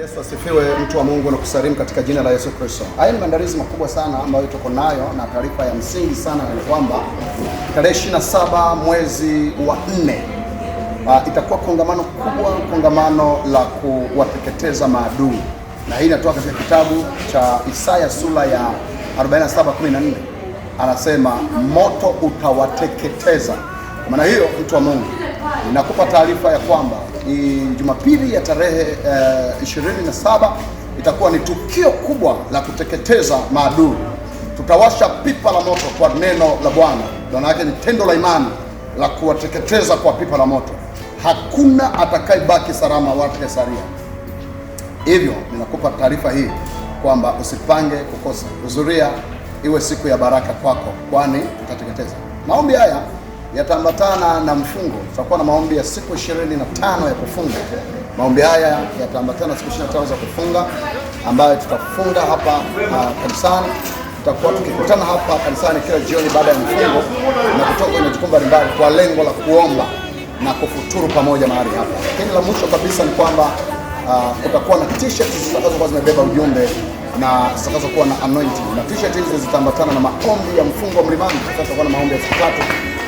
Yesu asifiwe, mtu wa Mungu, na kusalimu katika jina la Yesu Kristo. Haya ni maandalizi makubwa sana ambayo tuko nayo, na taarifa ya msingi sana ni kwamba tarehe 27 mwezi wa 4 uh, itakuwa kongamano kubwa, kongamano la kuwateketeza maadui, na hii inatoka katika kitabu cha Isaya sura ya 47:14 anasema moto utawateketeza. Kwa maana hiyo, mtu wa Mungu ninakupa taarifa ya kwamba ni Jumapili ya tarehe uh, eh, 27 itakuwa ni tukio kubwa la kuteketeza maadui. Tutawasha pipa la moto kwa neno la Bwana. Maana yake ni tendo la imani la kuwateketeza kwa pipa la moto. Hakuna atakayebaki salama watu Kesaria. Hivyo ninakupa taarifa hii kwamba usipange kukosa. huzuria iwe siku ya baraka kwako, kwani tutateketeza Maombi haya yataambatana na mfungo. Tutakuwa na maombi ya siku 25 ya kufunga. Maombi haya yataambatana na siku 25 za kufunga ambayo tutafunga hapa uh, kanisani. Tutakuwa tukikutana hapa kanisani kila jioni baada ya mfungo na kutoka kwenye jukumu mbalimbali kwa lengo la kuomba na kufuturu pamoja mahali hapa. Lakini la mwisho kabisa ni kwamba uh, kutakuwa na t-shirt zitakazokuwa zimebeba ujumbe na zitakazokuwa na anointing, na t-shirt hizi zitaambatana na maombi ya mfungo wa mlimani. Tutakuwa na maombi ya siku tatu